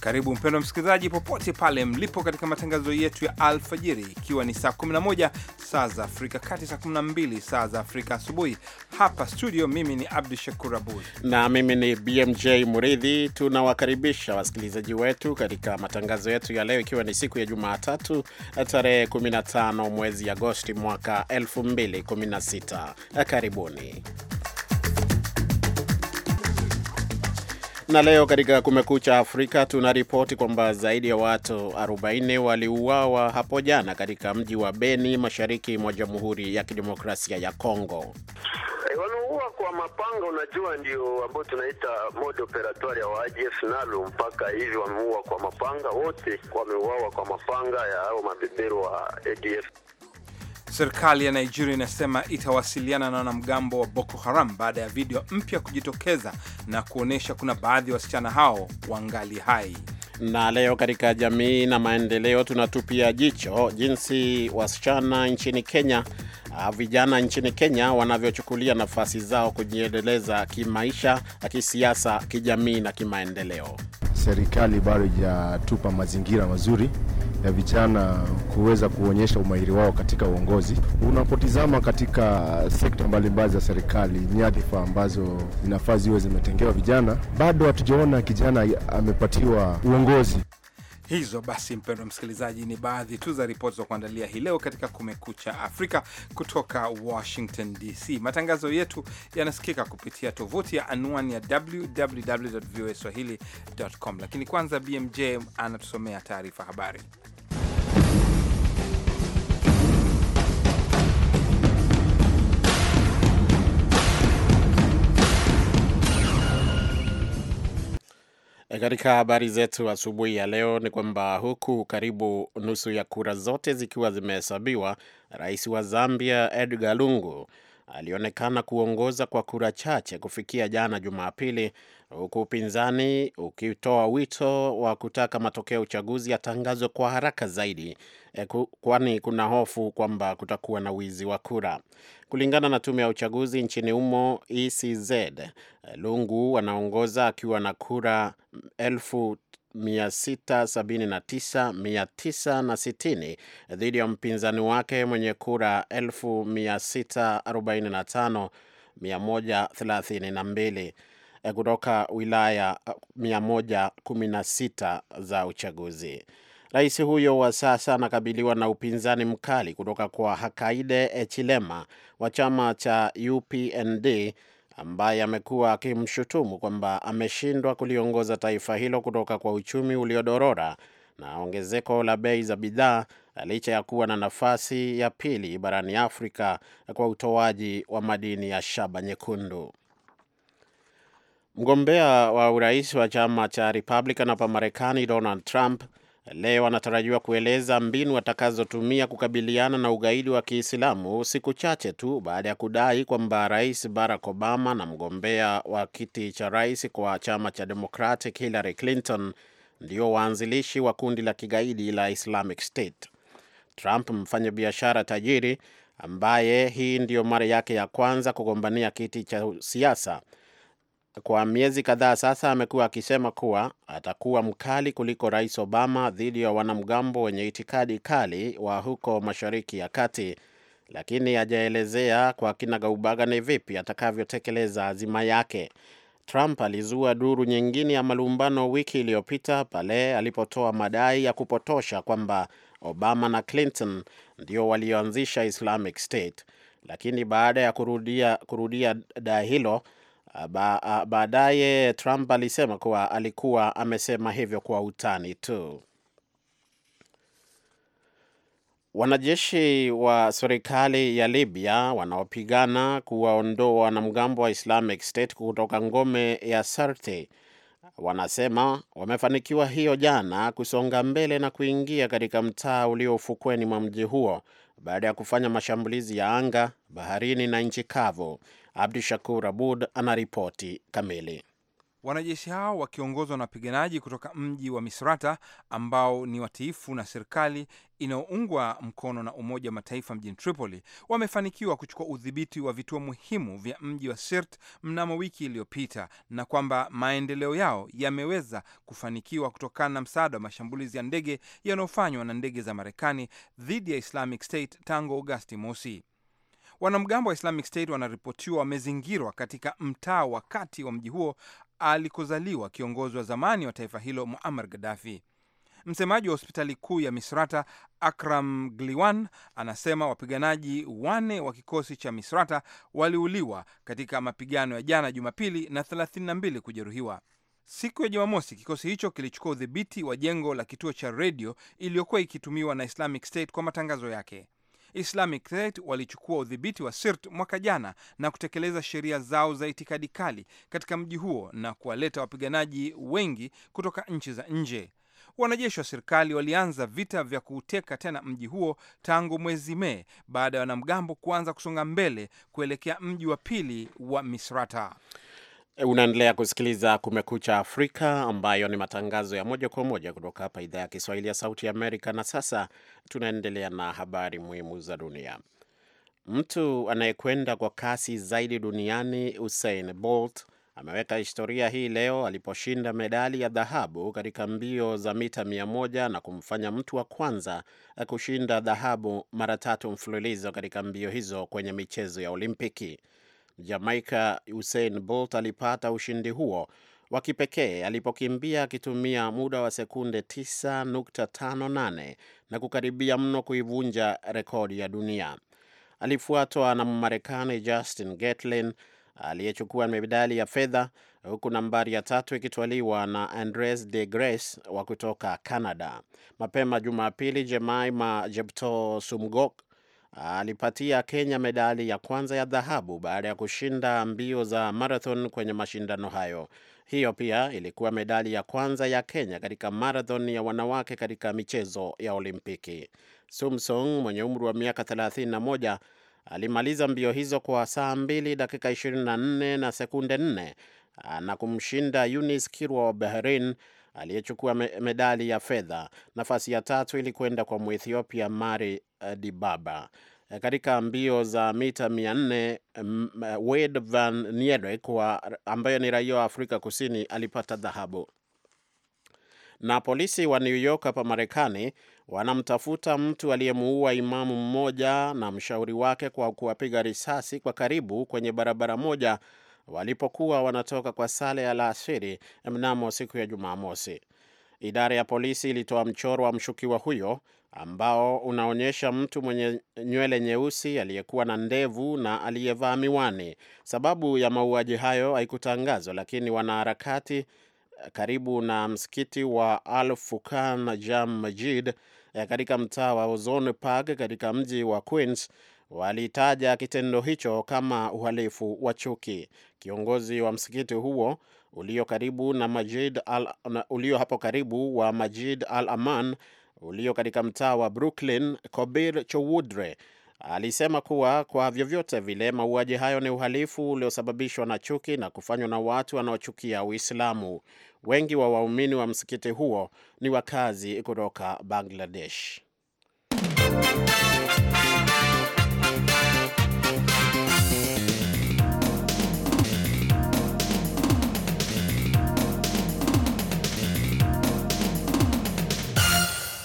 Karibu mpendwa msikilizaji, popote pale mlipo, katika matangazo yetu ya alfajiri, ikiwa ni saa 11 saa za Afrika Kati, saa 12 saa za Afrika asubuhi. Hapa studio, mimi ni Abdu Shakur Abud na mimi ni BMJ Muridhi. Tunawakaribisha wasikilizaji wetu katika matangazo yetu ya leo, ikiwa ni siku ya Jumatatu tarehe 15 mwezi Agosti mwaka 2016. Karibuni. Na leo katika Kumekucha Afrika tunaripoti kwamba zaidi ya watu 40 waliuawa hapo jana katika mji wa Beni, mashariki mwa Jamhuri ya Kidemokrasia ya Kongo. Hey, eh, wanaua kwa mapanga, unajua ndio ambao tunaita mode operatoire ya wa ADF nalo mpaka hivi wameua kwa mapanga, wote wameuawa kwa mapanga ya hao mabeberu wa ADF. Serikali ya Nigeria inasema itawasiliana na wanamgambo wa Boko Haram baada ya video mpya kujitokeza na kuonyesha kuna baadhi ya wasichana hao wangali hai. Na leo katika jamii na maendeleo, tunatupia jicho jinsi wasichana nchini Kenya, ah, vijana nchini Kenya wanavyochukulia nafasi zao kujiendeleza kimaisha, kisiasa, kijamii na kimaendeleo. Serikali bado ijatupa mazingira mazuri ya vijana kuweza kuonyesha umahiri wao katika uongozi. Unapotizama katika sekta mbalimbali za serikali, nyadhifa ambazo zinafaa ziwe zimetengewa vijana, bado hatujaona kijana amepatiwa uongozi. Hizo basi, mpendwa msikilizaji, ni baadhi tu za ripoti za kuandalia hii leo katika Kumekucha Afrika kutoka Washington DC. Matangazo yetu yanasikika kupitia tovuti ya anwani ya www voa swahili com, lakini kwanza BMJ anatusomea taarifa habari. Eh, katika habari zetu asubuhi ya leo ni kwamba huku karibu nusu ya kura zote zikiwa zimehesabiwa, rais wa Zambia Edgar Lungu alionekana kuongoza kwa kura chache kufikia jana Jumapili, huku upinzani ukitoa wito wa kutaka matokeo ya uchaguzi yatangazwe kwa haraka zaidi, eh, kwani kuna hofu kwamba kutakuwa na wizi wa kura. Kulingana na tume ya uchaguzi nchini humo ECZ, eh, Lungu anaongoza akiwa na kura elfu 679 dhidi ya mpinzani wake mwenye kura 645 132 eh, kutoka wilaya 116 eh, za uchaguzi. Rais huyo wa sasa anakabiliwa na upinzani mkali kutoka kwa Hakainde Hichilema wa chama cha UPND ambaye amekuwa akimshutumu kwamba ameshindwa kuliongoza taifa hilo kutoka kwa uchumi uliodorora na ongezeko la bei za bidhaa licha ya kuwa na nafasi ya pili barani Afrika kwa utoaji wa madini ya shaba nyekundu. Mgombea wa urais wa chama cha Republican hapa Marekani, Donald Trump leo anatarajiwa kueleza mbinu atakazotumia kukabiliana na ugaidi wa Kiislamu siku chache tu baada ya kudai kwamba Rais Barack Obama na mgombea wa kiti cha rais kwa chama cha Democratic Hillary Clinton ndio waanzilishi wa kundi la kigaidi la Islamic State. Trump, mfanyabiashara tajiri ambaye hii ndiyo mara yake ya kwanza kugombania kiti cha siasa kwa miezi kadhaa sasa amekuwa akisema kuwa atakuwa mkali kuliko Rais Obama dhidi ya wanamgambo wenye itikadi kali wa huko Mashariki ya Kati, lakini hajaelezea kwa kinagaubaga ni vipi atakavyotekeleza azima yake. Trump alizua duru nyingine ya malumbano wiki iliyopita pale alipotoa madai ya kupotosha kwamba Obama na Clinton ndio walioanzisha Islamic State, lakini baada ya kurudia, kurudia daa hilo Ba, baadaye Trump alisema kuwa alikuwa amesema hivyo kwa utani tu. Wanajeshi wa serikali ya Libya wanaopigana kuwaondoa wanamgambo wa Islamic State kutoka ngome ya Sirte wanasema wamefanikiwa hiyo jana kusonga mbele na kuingia katika mtaa ulio ufukweni mwa mji huo baada ya kufanya mashambulizi ya anga, baharini na nchi kavu. Abdu Shakur Abud anaripoti kamili. Wanajeshi hao wakiongozwa na wapiganaji kutoka mji wa Misrata ambao ni watiifu na serikali inayoungwa mkono na Umoja wa Mataifa mjini Tripoli wamefanikiwa kuchukua udhibiti wa vituo muhimu vya mji wa sirt mnamo wiki iliyopita, na kwamba maendeleo yao yameweza kufanikiwa kutokana na msaada wa mashambulizi ya ndege yanayofanywa na ndege za Marekani dhidi ya Islamic State tangu Agosti mosi. Wanamgambo wa Islamic State wanaripotiwa wamezingirwa katika mtaa wa kati wa mji huo alikozaliwa kiongozi wa zamani wa taifa hilo Muammar Gaddafi. Msemaji wa hospitali kuu ya Misrata Akram Gliwan anasema wapiganaji wane wa kikosi cha Misrata waliuliwa katika mapigano ya jana Jumapili na 32 kujeruhiwa. Siku ya Jumamosi, kikosi hicho kilichukua udhibiti wa jengo la kituo cha redio iliyokuwa ikitumiwa na Islamic State kwa matangazo yake. Islamic State walichukua udhibiti wa Sirt mwaka jana na kutekeleza sheria zao za itikadi kali katika mji huo na kuwaleta wapiganaji wengi kutoka nchi za nje. Wanajeshi wa serikali walianza vita vya kuuteka tena mji huo tangu mwezi Mei baada ya wanamgambo kuanza kusonga mbele kuelekea mji wa pili wa Misrata. Unaendelea kusikiliza Kumekucha Afrika, ambayo ni matangazo ya moja kwa moja kutoka hapa idhaa ya Kiswahili ya Sauti ya Amerika. Na sasa tunaendelea na habari muhimu za dunia. Mtu anayekwenda kwa kasi zaidi duniani Usain Bolt ameweka historia hii leo aliposhinda medali ya dhahabu katika mbio za mita 1 na kumfanya mtu wa kwanza kushinda dhahabu mara tatu mfululizo katika mbio hizo kwenye michezo ya Olimpiki. Jamaika Usain Bolt alipata ushindi huo wa kipekee alipokimbia akitumia muda wa sekunde 9.58 na kukaribia mno kuivunja rekodi ya dunia. Alifuatwa na Mmarekani Justin Gatlin aliyechukua medali ya fedha, huku nambari ya tatu ikitwaliwa na Andres de Grace wa kutoka Canada. Mapema Jumapili, Jemaima Jepto Sumgok alipatia Kenya medali ya kwanza ya dhahabu baada ya kushinda mbio za marathon kwenye mashindano hayo. Hiyo pia ilikuwa medali ya kwanza ya Kenya katika marathon ya wanawake katika michezo ya Olimpiki. Sumsong mwenye umri wa miaka 31 alimaliza mbio hizo kwa saa 2 dakika 24 na sekunde 4 na kumshinda Eunice Kirwa wa Bahrain aliyechukua medali ya fedha. Nafasi ya tatu ilikwenda kwa Mwethiopia Mari eh, Dibaba. Eh, katika mbio za mita 400 Wade Van Niekerk ambaye ni raia wa Afrika Kusini alipata dhahabu. Na polisi wa New York hapa Marekani wanamtafuta mtu aliyemuua imamu mmoja na mshauri wake kwa kuwapiga risasi kwa karibu kwenye barabara moja walipokuwa wanatoka kwa sale ya laasiri mnamo siku ya Jumamosi. Idara ya polisi ilitoa mchoro wa mshukiwa huyo ambao unaonyesha mtu mwenye nywele nyeusi aliyekuwa na ndevu na aliyevaa miwani. Sababu ya mauaji hayo haikutangazwa, lakini wanaharakati eh, karibu na msikiti wa Al Fukan Jam Majid eh, katika mtaa wa Ozone Park katika mji wa Queens walitaja kitendo hicho kama uhalifu wa chuki. Kiongozi wa msikiti huo ulio karibu na Majid al, ulio hapo karibu wa Majid Al Aman ulio katika mtaa wa Brooklyn, Kobir Chowudre alisema kuwa kwa vyovyote vile mauaji hayo ni uhalifu uliosababishwa na chuki na kufanywa na watu wanaochukia Uislamu. Wengi wa waumini wa msikiti huo ni wakazi kutoka Bangladesh.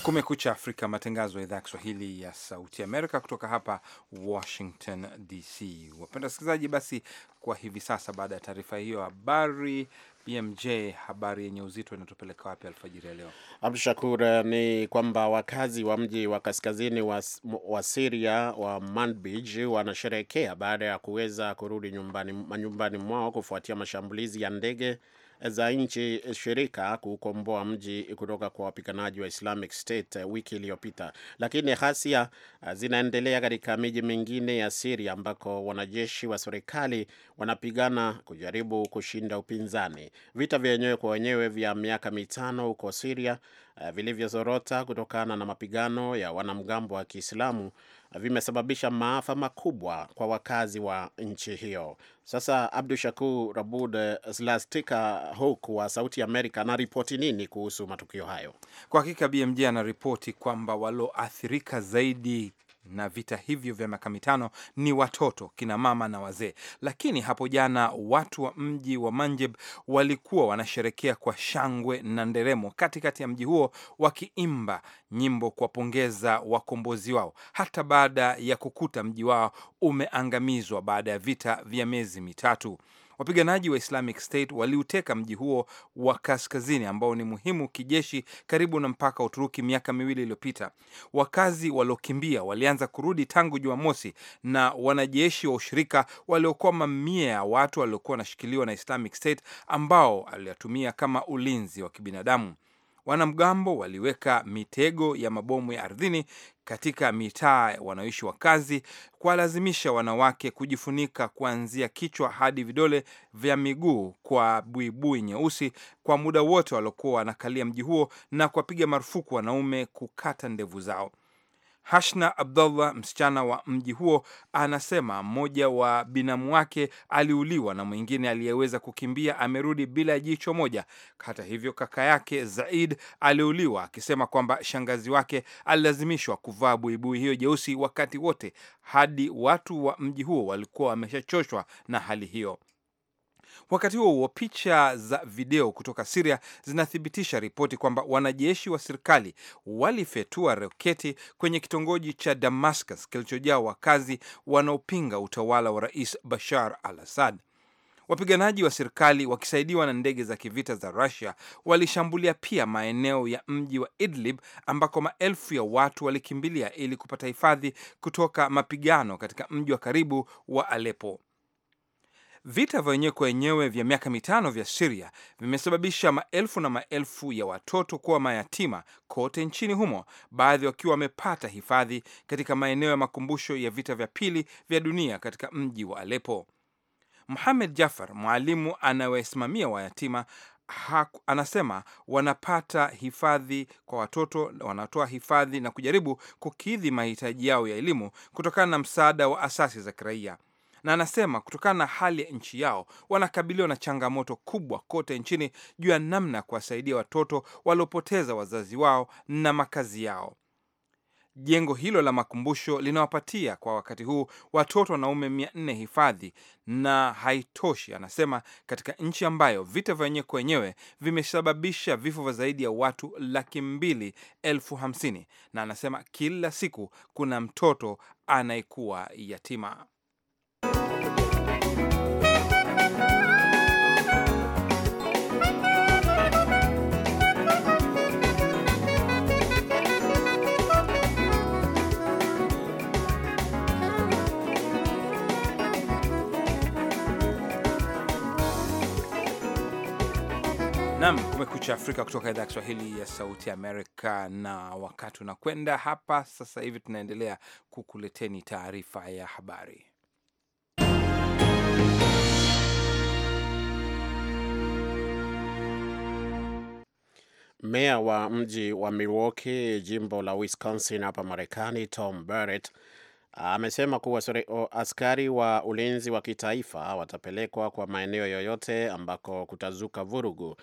Kumekucha Afrika, matangazo ya idhaa ya Kiswahili ya Sauti Amerika kutoka hapa Washington DC. Wapenda wasikilizaji, basi kwa hivi sasa, baada ya taarifa hiyo habari BMJ, habari yenye uzito inatupeleka wapi alfajiri ya leo? Shakur, ni kwamba wakazi wa mji wa kaskazini wa, wa Syria wa Manbij wanasherehekea baada ya kuweza kurudi nyumbani, mwao kufuatia mashambulizi ya ndege za nchi eh, shirika kukomboa mji kutoka kwa wapiganaji wa Islamic State eh, wiki iliyopita, lakini ghasia eh, zinaendelea katika miji mingine ya Siria ambako wanajeshi wa serikali wanapigana kujaribu kushinda upinzani. Vita vya wenyewe kwa wenyewe vya miaka mitano huko Siria vilivyozorota kutokana na mapigano ya wanamgambo wa Kiislamu vimesababisha maafa makubwa kwa wakazi wa nchi hiyo. Sasa Abdu Shakur Abud Slastika eh, huku wa Sauti Amerika anaripoti nini kuhusu matukio hayo? Kwa hakika BMJ anaripoti kwamba walioathirika zaidi na vita hivyo vya miaka mitano ni watoto, kina mama na wazee. Lakini hapo jana watu wa mji wa Manjib walikuwa wanasherekea kwa shangwe na nderemo katikati ya mji huo, wakiimba nyimbo kuwapongeza wakombozi wao, hata baada ya kukuta mji wao umeangamizwa baada ya vita vya miezi mitatu. Wapiganaji wa Islamic State waliuteka mji huo wa kaskazini ambao ni muhimu kijeshi, karibu na mpaka wa Uturuki miaka miwili iliyopita. Wakazi waliokimbia walianza kurudi tangu Jumamosi, na wanajeshi wa ushirika waliokoa mamia ya watu waliokuwa wanashikiliwa na Islamic State ambao aliyatumia kama ulinzi wa kibinadamu. Wanamgambo waliweka mitego ya mabomu ya ardhini katika mitaa wanaoishi wakazi, kuwalazimisha wanawake kujifunika kuanzia kichwa hadi vidole vya miguu kwa buibui nyeusi kwa muda wote waliokuwa wanakalia mji huo na kuwapiga marufuku wanaume kukata ndevu zao. Hashna Abdullah, msichana wa mji huo, anasema mmoja wa binamu wake aliuliwa na mwingine aliyeweza kukimbia amerudi bila jicho moja. Hata hivyo, kaka yake Zaid aliuliwa, akisema kwamba shangazi wake alilazimishwa kuvaa buibui hiyo jeusi wakati wote, hadi watu wa mji huo walikuwa wameshachoshwa na hali hiyo. Wakati huo huo, picha za video kutoka Siria zinathibitisha ripoti kwamba wanajeshi wa serikali walifyatua roketi kwenye kitongoji cha Damascus kilichojaa wakazi wanaopinga utawala wa Rais Bashar al Assad. Wapiganaji wa serikali wakisaidiwa na ndege za kivita za Russia walishambulia pia maeneo ya mji wa Idlib ambako maelfu ya watu walikimbilia ili kupata hifadhi kutoka mapigano katika mji wa karibu wa Aleppo. Vita vya wenyewe kwa wenyewe vya miaka mitano vya Siria vimesababisha maelfu na maelfu ya watoto kuwa mayatima kote nchini humo, baadhi wakiwa wamepata hifadhi katika maeneo ya makumbusho ya vita vya pili vya dunia katika mji wa Alepo. muhamed Jafar, mwalimu anayewasimamia wayatima Haku, anasema wanapata hifadhi kwa watoto, wanatoa hifadhi na kujaribu kukidhi mahitaji yao ya elimu kutokana na msaada wa asasi za kiraia na anasema kutokana na hali ya nchi yao wanakabiliwa na changamoto kubwa kote nchini juu ya namna ya kuwasaidia watoto waliopoteza wazazi wao na makazi yao. Jengo hilo la makumbusho linawapatia kwa wakati huu watoto wanaume mia nne hifadhi na haitoshi, anasema, katika nchi ambayo vita vya wenyewe kwa wenyewe vimesababisha vifo vya zaidi ya watu laki mbili elfu hamsini na anasema kila siku kuna mtoto anayekuwa yatima. Nam kumekucha Afrika kutoka idhaa ya Kiswahili ya Sauti Amerika. Na wakati unakwenda hapa sasa hivi, tunaendelea kukuleteni taarifa ya habari. Meya wa mji wa Milwaukee, jimbo la Wisconsin hapa Marekani, Tom Barrett amesema kuwa askari wa ulinzi wa kitaifa watapelekwa kwa maeneo yoyote ambako kutazuka vurugu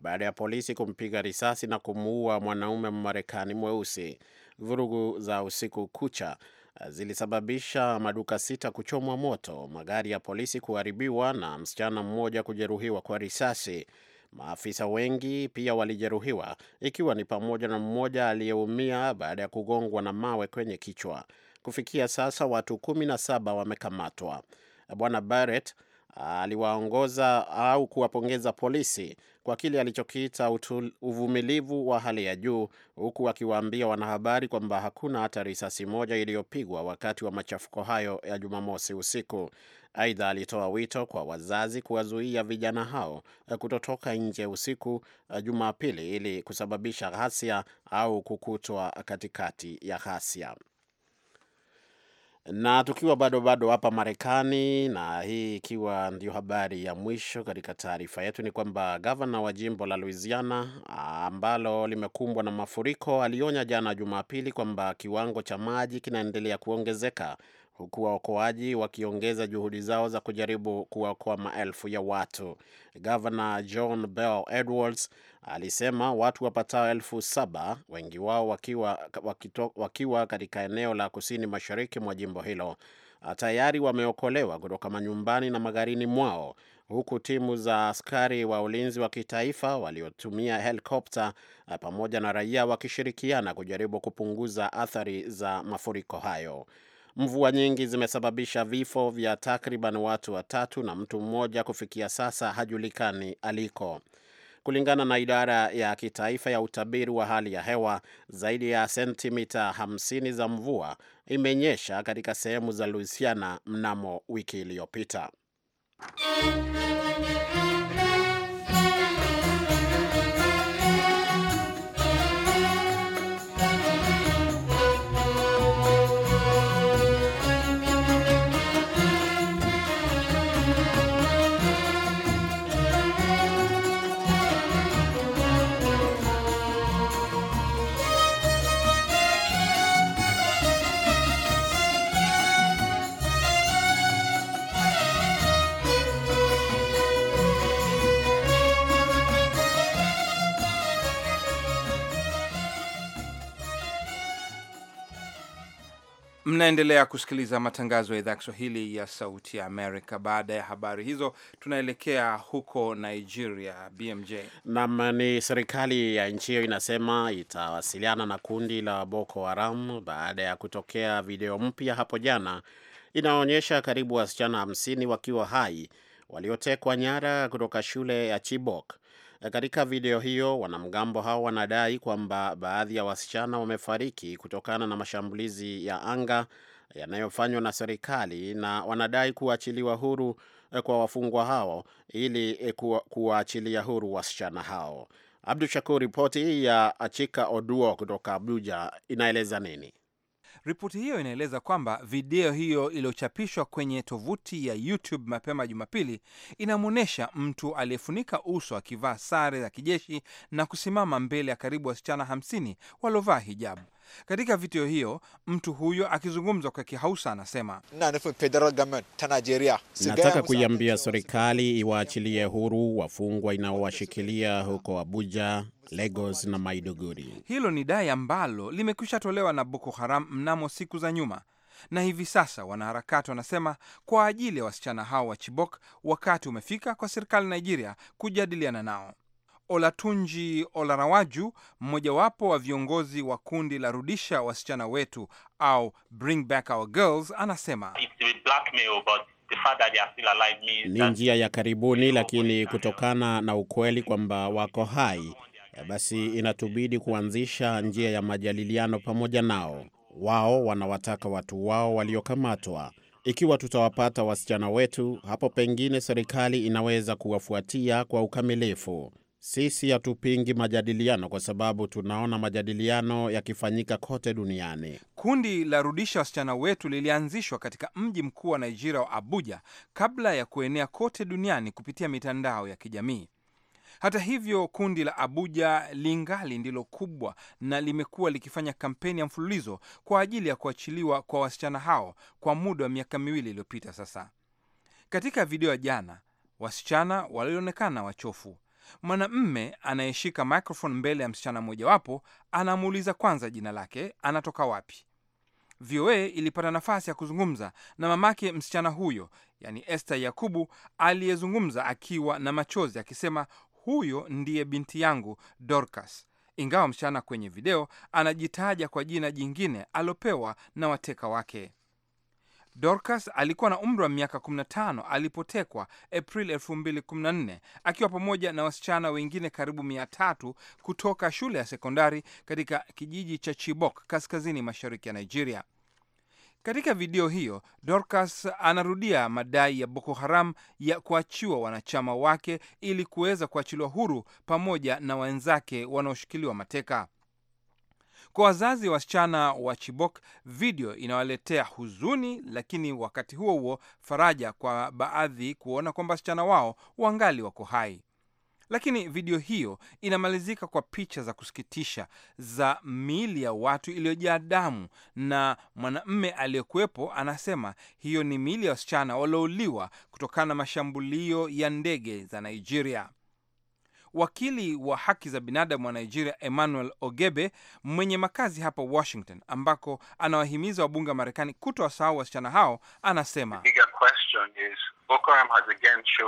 baada ya polisi kumpiga risasi na kumuua mwanaume Mmarekani mweusi. Vurugu za usiku kucha uh, zilisababisha maduka sita kuchomwa moto, magari ya polisi kuharibiwa na msichana mmoja kujeruhiwa kwa risasi. Maafisa wengi pia walijeruhiwa, ikiwa ni pamoja na mmoja aliyeumia baada ya kugongwa na mawe kwenye kichwa. Kufikia sasa watu kumi na saba wamekamatwa. Bwana Barrett aliwaongoza au kuwapongeza polisi kwa kile alichokiita uvumilivu wa hali ya juu, huku akiwaambia wanahabari kwamba hakuna hata risasi moja iliyopigwa wakati wa machafuko hayo ya Jumamosi usiku. Aidha, alitoa wito kwa wazazi kuwazuia vijana hao kutotoka nje usiku eh, Jumapili ili kusababisha ghasia au kukutwa katikati ya ghasia. Na tukiwa bado bado hapa Marekani, na hii ikiwa ndio habari ya mwisho katika taarifa yetu, ni kwamba gavana wa jimbo la Louisiana ambalo limekumbwa na mafuriko alionya jana Jumapili kwamba kiwango cha maji kinaendelea kuongezeka huku waokoaji wakiongeza juhudi zao za kujaribu kuwaokoa maelfu ya watu. Gavana John Bell Edwards alisema watu wapatao elfu saba, wengi wao wakiwa, wakito, wakiwa katika eneo la kusini mashariki mwa jimbo hilo ah, tayari wameokolewa kutoka manyumbani na magharini mwao huku timu za askari wa ulinzi wa kitaifa waliotumia helikopta ah, pamoja na raia wakishirikiana kujaribu kupunguza athari za mafuriko hayo. Mvua nyingi zimesababisha vifo vya takriban watu watatu na mtu mmoja kufikia sasa hajulikani aliko. Kulingana na idara ya kitaifa ya utabiri wa hali ya hewa, zaidi ya sentimita 50 za mvua imenyesha katika sehemu za Louisiana mnamo wiki iliyopita. Mnaendelea kusikiliza matangazo ya idhaa ya Kiswahili ya Sauti ya Amerika. Baada ya habari hizo, tunaelekea huko Nigeria. BMJ nam ni serikali ya nchi hiyo inasema itawasiliana na kundi la Boko Haram baada ya kutokea video mpya hapo jana inaonyesha karibu wasichana hamsini wakiwa hai waliotekwa nyara kutoka shule ya Chibok. E, katika video hiyo, wanamgambo hao wanadai kwamba baadhi ya wasichana wamefariki kutokana na mashambulizi ya anga yanayofanywa na serikali, na wanadai kuachiliwa huru e, kwa wafungwa hao ili e, kuwaachilia huru wasichana hao. Abdu Shakur, ripoti hii ya Achika Oduo kutoka Abuja inaeleza nini? Ripoti hiyo inaeleza kwamba video hiyo iliyochapishwa kwenye tovuti ya YouTube mapema Jumapili inamwonyesha mtu aliyefunika uso akivaa sare za kijeshi na kusimama mbele ya karibu wasichana 50 waliovaa hijabu. Katika video hiyo mtu huyo akizungumzwa kwa Kihausa anasema, nataka kuiambia serikali iwaachilie huru wafungwa inaowashikilia huko Abuja, Lagos na Maiduguri. Hilo ni dai ambalo limekwisha tolewa na Boko Haram mnamo siku za nyuma, na hivi sasa wanaharakati wanasema kwa ajili ya wasichana hao wa Chibok, wakati umefika kwa serikali Nigeria kujadiliana nao. Olatunji Olarawaju, mmojawapo wa viongozi wa kundi la Rudisha Wasichana Wetu au Bring Back Our Girls, anasema ni njia ya karibuni, lakini kutokana na ukweli kwamba wako hai, basi inatubidi kuanzisha njia ya majadiliano pamoja nao. Wao wanawataka watu wao waliokamatwa ikiwa tutawapata wasichana wetu hapo, pengine serikali inaweza kuwafuatia kwa ukamilifu. Sisi hatupingi majadiliano kwa sababu tunaona majadiliano yakifanyika kote duniani. Kundi la Rudisha Wasichana Wetu lilianzishwa katika mji mkuu wa Nigeria wa Abuja kabla ya kuenea kote duniani kupitia mitandao ya kijamii. Hata hivyo, kundi la Abuja lingali ndilo kubwa na limekuwa likifanya kampeni ya mfululizo kwa ajili ya kuachiliwa kwa wasichana hao kwa muda wa miaka miwili iliyopita sasa. Katika video ya jana, wasichana walionekana wachofu Mwanamme anayeshika microphone mbele ya msichana mmojawapo anamuuliza kwanza jina lake, anatoka wapi. VOA ilipata nafasi ya kuzungumza na mamake msichana huyo, yani Esther Yakubu, aliyezungumza akiwa na machozi akisema, huyo ndiye binti yangu Dorcas, ingawa msichana kwenye video anajitaja kwa jina jingine alopewa na wateka wake. Dorcas alikuwa na umri wa miaka 15 alipotekwa Aprili 2014 akiwa pamoja na wasichana wengine karibu mia tatu kutoka shule ya sekondari katika kijiji cha Chibok kaskazini mashariki ya Nigeria. Katika video hiyo Dorcas anarudia madai ya Boko Haram ya kuachiwa wanachama wake ili kuweza kuachiliwa huru pamoja na wenzake wanaoshikiliwa mateka. Kwa wazazi wasichana wa Chibok, video inawaletea huzuni, lakini wakati huo huo faraja kwa baadhi kuona kwamba wasichana wao wangali wako hai. Lakini video hiyo inamalizika kwa picha za kusikitisha za miili ya watu iliyojaa damu, na mwanamme aliyekuwepo anasema hiyo ni miili ya wasichana waliouliwa kutokana na mashambulio ya ndege za Nigeria. Wakili wa haki za binadamu wa Nigeria Emmanuel Ogebe mwenye makazi hapa Washington, ambako anawahimiza wabunge wa Marekani wasahau wasichana hao, anasema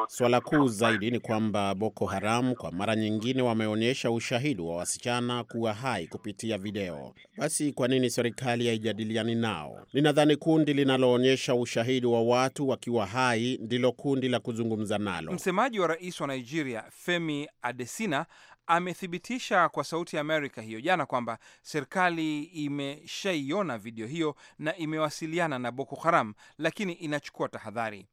Swala kuu zaidi ni kwamba Boko Haram kwa mara nyingine wameonyesha ushahidi wa wasichana kuwa hai kupitia video. Basi kwa nini serikali haijadiliani nao? Ninadhani kundi linaloonyesha ushahidi wa watu wakiwa hai ndilo kundi la kuzungumza nalo. Msemaji wa rais wa Nigeria Femi Adesina amethibitisha kwa Sauti ya Amerika hiyo jana kwamba serikali imeshaiona video hiyo na imewasiliana na Boko Haram, lakini inachukua tahadhari.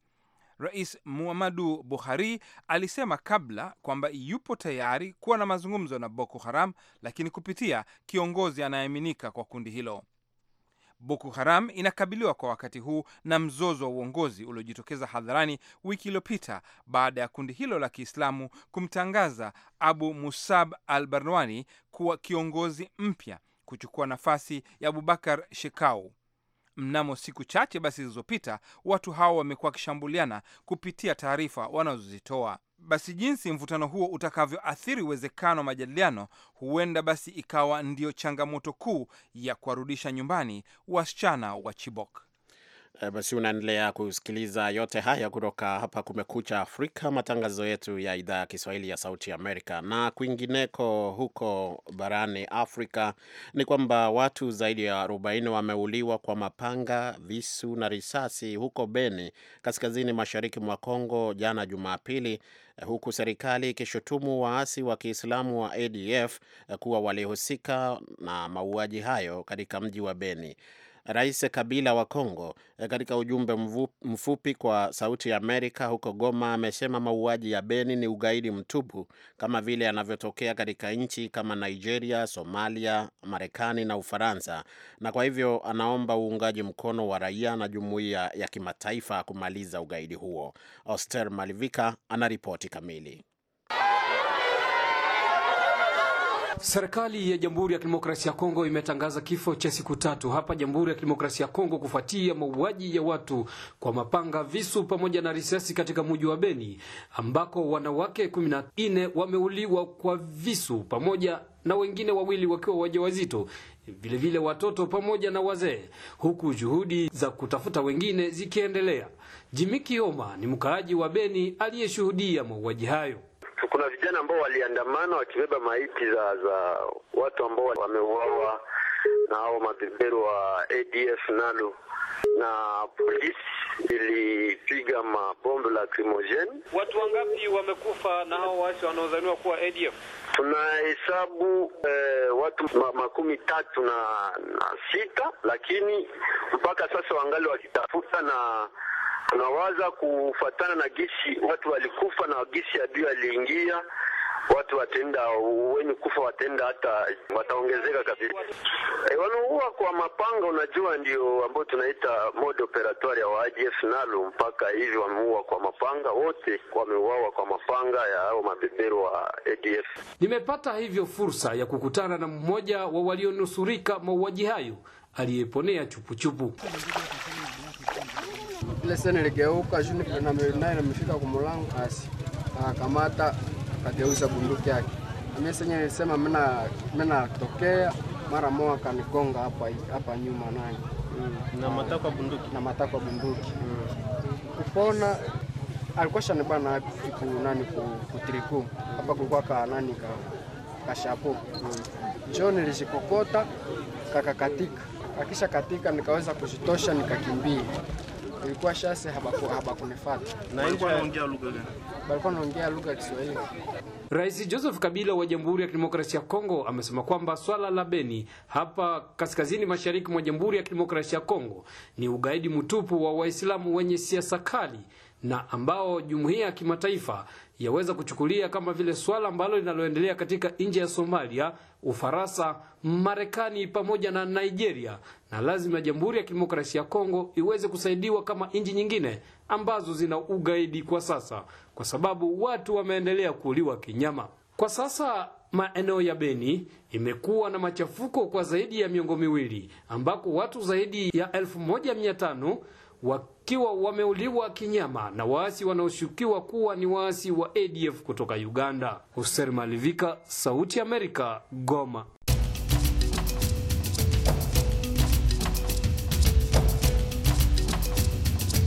Rais Muhammadu Buhari alisema kabla kwamba yupo tayari kuwa na mazungumzo na Boko Haram, lakini kupitia kiongozi anayeaminika kwa kundi hilo. Boko Haram inakabiliwa kwa wakati huu na mzozo wa uongozi uliojitokeza hadharani wiki iliyopita baada ya kundi hilo la Kiislamu kumtangaza Abu Musab al Barwani kuwa kiongozi mpya kuchukua nafasi ya Abubakar Shekau. Mnamo siku chache basi zilizopita, watu hao wamekuwa wakishambuliana kupitia taarifa wanazozitoa basi jinsi mvutano huo utakavyoathiri uwezekano wa majadiliano, huenda basi ikawa ndiyo changamoto kuu ya kuwarudisha nyumbani wasichana wa Chibok. Eh, basi unaendelea kusikiliza yote haya kutoka hapa Kumekucha Afrika, matangazo yetu ya idhaa ya Kiswahili ya Sauti Amerika. Na kwingineko huko barani Afrika ni kwamba watu zaidi ya 40 wameuliwa kwa mapanga, visu na risasi huko Beni, kaskazini mashariki mwa Kongo jana Jumapili, eh, huku serikali ikishutumu waasi wa Kiislamu wa ADF eh, kuwa walihusika na mauaji hayo katika mji wa Beni. Rais Kabila wa Kongo eh, katika ujumbe mfupi kwa Sauti ya Amerika huko Goma amesema mauaji ya Beni ni ugaidi mtupu kama vile yanavyotokea katika nchi kama Nigeria, Somalia, Marekani na Ufaransa, na kwa hivyo anaomba uungaji mkono wa raia na jumuiya ya kimataifa kumaliza ugaidi huo. Oster Malivika anaripoti kamili. Serikali ya Jamhuri ya Kidemokrasia ya Kongo imetangaza kifo cha siku tatu hapa Jamhuri ya Kidemokrasia ya Kongo kufuatia mauaji ya watu kwa mapanga, visu pamoja na risasi katika mji wa Beni ambako wanawake kumi na nne wameuliwa kwa visu pamoja na wengine wawili wakiwa wajawazito, vile vile watoto pamoja na wazee, huku juhudi za kutafuta wengine zikiendelea. jimiki oma ni mkaaji wa Beni aliyeshuhudia mauaji hayo kuna vijana ambao waliandamana wakibeba maiti za za watu ambao wameuawa na hao mabeberu wa ADF nalo na polisi ilipiga mabombe lacrimogene. Watu wangapi wamekufa na hao waasi wanaodhaniwa kuwa ADF? Tunahesabu eh, watu ma, makumi tatu na, na sita, lakini mpaka sasa wangali wakitafuta na tunawaza kufatana na gisi watu walikufa na gisi adui aliingia watu watenda wenye kufa watenda hata wataongezeka kabisa. E, eh, wanaua kwa mapanga, unajua ndio ambao tunaita mode operatoire ya ADF nalo mpaka hivi wameua kwa mapanga, wote wameuawa kwa mapanga ya hao mabebero wa ADF. Nimepata hivyo fursa ya kukutana na mmoja wa walionusurika mauaji hayo aliyeponea chupuchupu ile sasa niligeuka chini na naye nimefika kwa mlango, basi akakamata akageuza bunduki yake. Mimi sasa nilisema mimi mimi natokea mara moja, akanigonga hapa hapa nyuma nani mm. na matakwa bunduki na matakwa bunduki mm. kupona alikuwa shanibana hapo ku nani ku, kutriku hapa mm. kulikuwa ka nani ka kashapo mm. John mm. kaka katika akisha katika nikaweza kujitosha nikakimbia ilikuwa shase habakunifuata. Na ilikuwa anaongea lugha gani? Balikuwa anaongea lugha ya Kiswahili. Rais Joseph Kabila wa Jamhuri ya Kidemokrasia ya Kongo amesema kwamba swala la Beni hapa kaskazini mashariki mwa Jamhuri ya Kidemokrasia ya Kongo ni ugaidi mtupu wa Waislamu wenye siasa kali na ambao jumuiya ya kimataifa yaweza kuchukulia kama vile swala ambalo linaloendelea katika nje ya Somalia, Ufaransa, Marekani pamoja na Nigeria, na lazima Jamhuri ya Kidemokrasia ya Kongo iweze kusaidiwa kama nchi nyingine ambazo zina ugaidi kwa sasa, kwa sababu watu wameendelea kuuliwa kinyama. Kwa sasa maeneo ya Beni imekuwa na machafuko kwa zaidi ya miongo miwili ambako watu zaidi ya elfu moja mia tano wakiwa wameuliwa kinyama na waasi wanaoshukiwa kuwa ni waasi wa ADF kutoka Uganda. Hussein Malivika, Sauti Amerika, Goma.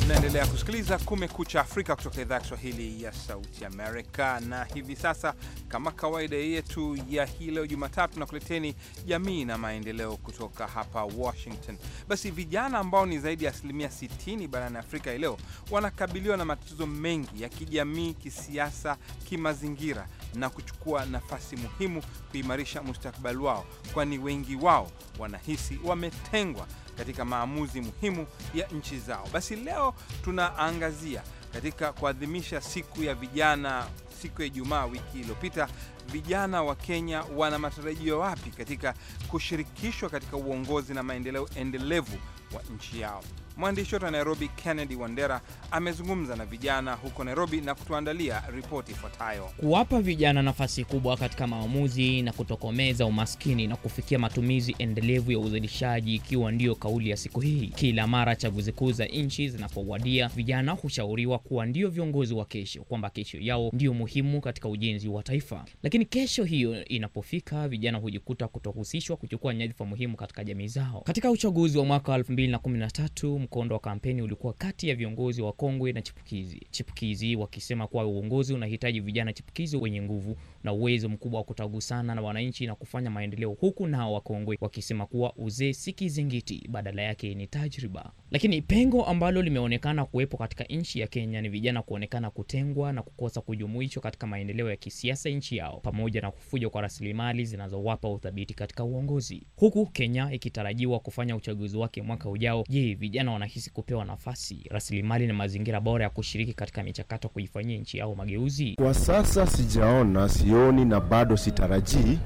Naendelea kusikiliza Kumekucha Afrika kutoka idhaa ya Kiswahili ya Sauti Amerika, na hivi sasa kama kawaida yetu ya hii leo Jumatatu, kuleteni jamii na maendeleo kutoka hapa Washington. Basi vijana ambao ni zaidi ya asilimia 60 barani Afrika hii leo wanakabiliwa na matatizo mengi ya kijamii, kisiasa, kimazingira na kuchukua nafasi muhimu kuimarisha mustakabali wao, kwani wengi wao wanahisi wametengwa katika maamuzi muhimu ya nchi zao. Basi leo tunaangazia katika kuadhimisha siku ya vijana, siku ya Ijumaa wiki iliyopita, vijana wa Kenya wana matarajio wapi katika kushirikishwa katika uongozi na maendeleo endelevu wa nchi yao? Mwandishi wetu wa Nairobi, Kennedy Wandera, amezungumza na vijana huko Nairobi na kutuandalia ripoti ifuatayo. Kuwapa vijana nafasi kubwa katika maamuzi na kutokomeza umaskini na kufikia matumizi endelevu ya uzalishaji, ikiwa ndiyo kauli ya siku hii. Kila mara chaguzi kuu za nchi zinapowadia, vijana hushauriwa kuwa ndio viongozi wa kesho, kwamba kesho yao ndiyo muhimu katika ujenzi wa taifa. Lakini kesho hiyo inapofika, vijana hujikuta kutohusishwa kuchukua nyadhifa muhimu katika jamii zao. Katika uchaguzi wa mwaka 2013 mkondo wa kampeni ulikuwa kati ya viongozi wa kongwe na chipukizi chipukizi, wakisema kuwa uongozi unahitaji vijana chipukizi wenye nguvu na uwezo mkubwa wa kutagusana na wananchi na kufanya maendeleo, huku nao wakongwe wakisema kuwa uzee si kizingiti, badala yake ni tajriba. Lakini pengo ambalo limeonekana kuwepo katika nchi ya Kenya ni vijana kuonekana kutengwa na kukosa kujumuishwa katika maendeleo ya kisiasa nchi yao, pamoja na kufujwa kwa rasilimali zinazowapa uthabiti katika uongozi, huku Kenya ikitarajiwa kufanya uchaguzi wake mwaka ujao. Je, vijana wanahisi kupewa nafasi, rasilimali na mazingira bora ya kushiriki katika michakato kuifanyia nchi yao mageuzi? Kwa sasa sijaona, sioni na bado sitarajii.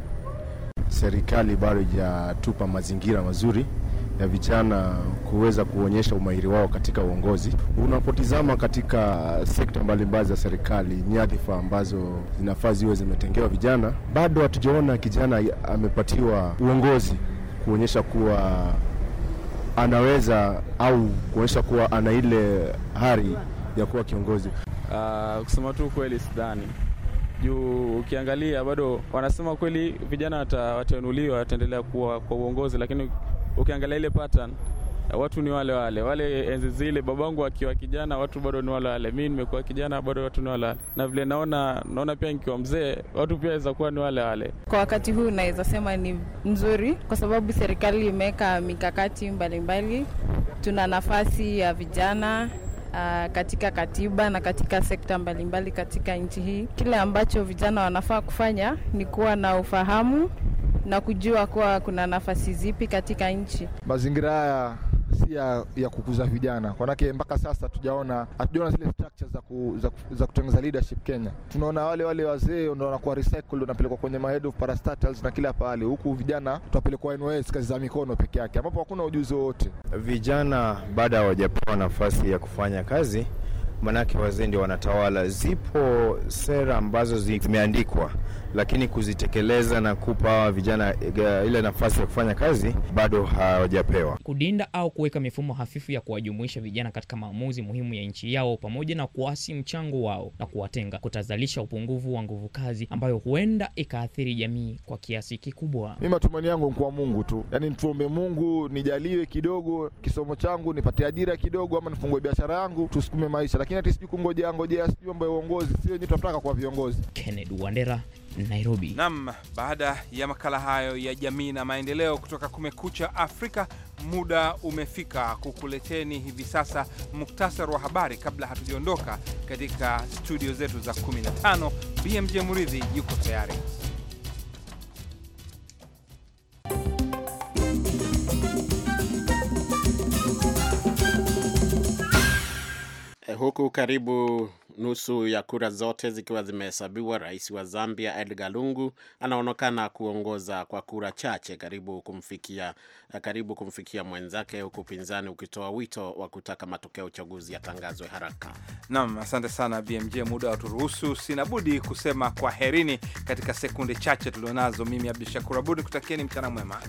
Serikali bado ijatupa mazingira mazuri ya vijana kuweza kuonyesha umahiri wao katika uongozi. Unapotizama katika sekta mbalimbali za serikali, nyadhifa ambazo zinafaa ziwe zimetengewa vijana, bado hatujaona kijana amepatiwa uongozi kuonyesha kuwa anaweza au kuonyesha kuwa ana ile hari ya kuwa kiongozi? Uh, kusema tu kweli sidhani, juu ukiangalia bado wanasema kweli vijana watainuliwa, wataendelea kuwa kwa uongozi, lakini ukiangalia ile pattern watu ni wale wale wale, enzi zile babangu akiwa kijana, watu bado ni wale wale. Mimi nimekuwa kijana, bado watu ni wale wale, na vile naona naona pia nikiwa mzee, watu pia waweza kuwa ni wale wale. Kwa wakati huu naweza sema ni mzuri, kwa sababu serikali imeweka mikakati mbalimbali. Tuna nafasi ya vijana Uh, katika katiba na katika sekta mbalimbali mbali katika nchi hii. Kile ambacho vijana wanafaa kufanya ni kuwa na ufahamu na kujua kuwa kuna nafasi zipi katika nchi. Mazingira haya si ya, ya kukuza vijana, manake mpaka sasa tujaona hatujaona zile structures za, ku, za, za kutengeneza leadership Kenya. Tunaona wale wale wazee ndio wanakuwa recycled, wanapelekwa kwenye ma of parastatals na kila pale, huku vijana tutapelekwa NYS kazi za mikono peke yake, ambapo hakuna ujuzi wowote. Vijana baada hawajapewa nafasi ya kufanya kazi manake wazee ndio wanatawala. Zipo sera ambazo zimeandikwa lakini kuzitekeleza na kupa vijana eh, ile nafasi ya kufanya kazi bado hawajapewa. Kudinda au kuweka mifumo hafifu ya kuwajumuisha vijana katika maamuzi muhimu ya nchi yao, pamoja na kuasi mchango wao na kuwatenga, kutazalisha upungufu wa nguvu kazi ambayo huenda ikaathiri jamii kwa kiasi kikubwa. Mi matumaini yangu kwa Mungu tu, yaani tuombe Mungu nijaliwe kidogo kisomo changu, nipate ajira kidogo, ama nifungue biashara yangu, tusukume maisha, lakini hati sijui kungojea ngojea, sijui mambo ya uongozi, sio wenyewe tunataka kwa viongozi. Kennedy Wandera Nairobi. Naam, baada ya makala hayo ya jamii na maendeleo kutoka Kumekucha Afrika, muda umefika kukuleteni hivi sasa muktasari wa habari kabla hatujaondoka katika studio zetu za 15. BMJ Muridhi yuko tayari. Eh, huku karibu nusu ya kura zote zikiwa zimehesabiwa, rais wa Zambia Edgar Lungu anaonekana kuongoza kwa kura chache, karibu kumfikia, karibu kumfikia mwenzake, huku upinzani ukitoa wito wa kutaka matokeo ya uchaguzi yatangazwe haraka. Naam, asante sana BMJ, muda wa sina sinabudi kusema kwaherini katika sekunde chache tulionazo. Mimi Shakur Abud kutakieni mchana mwema.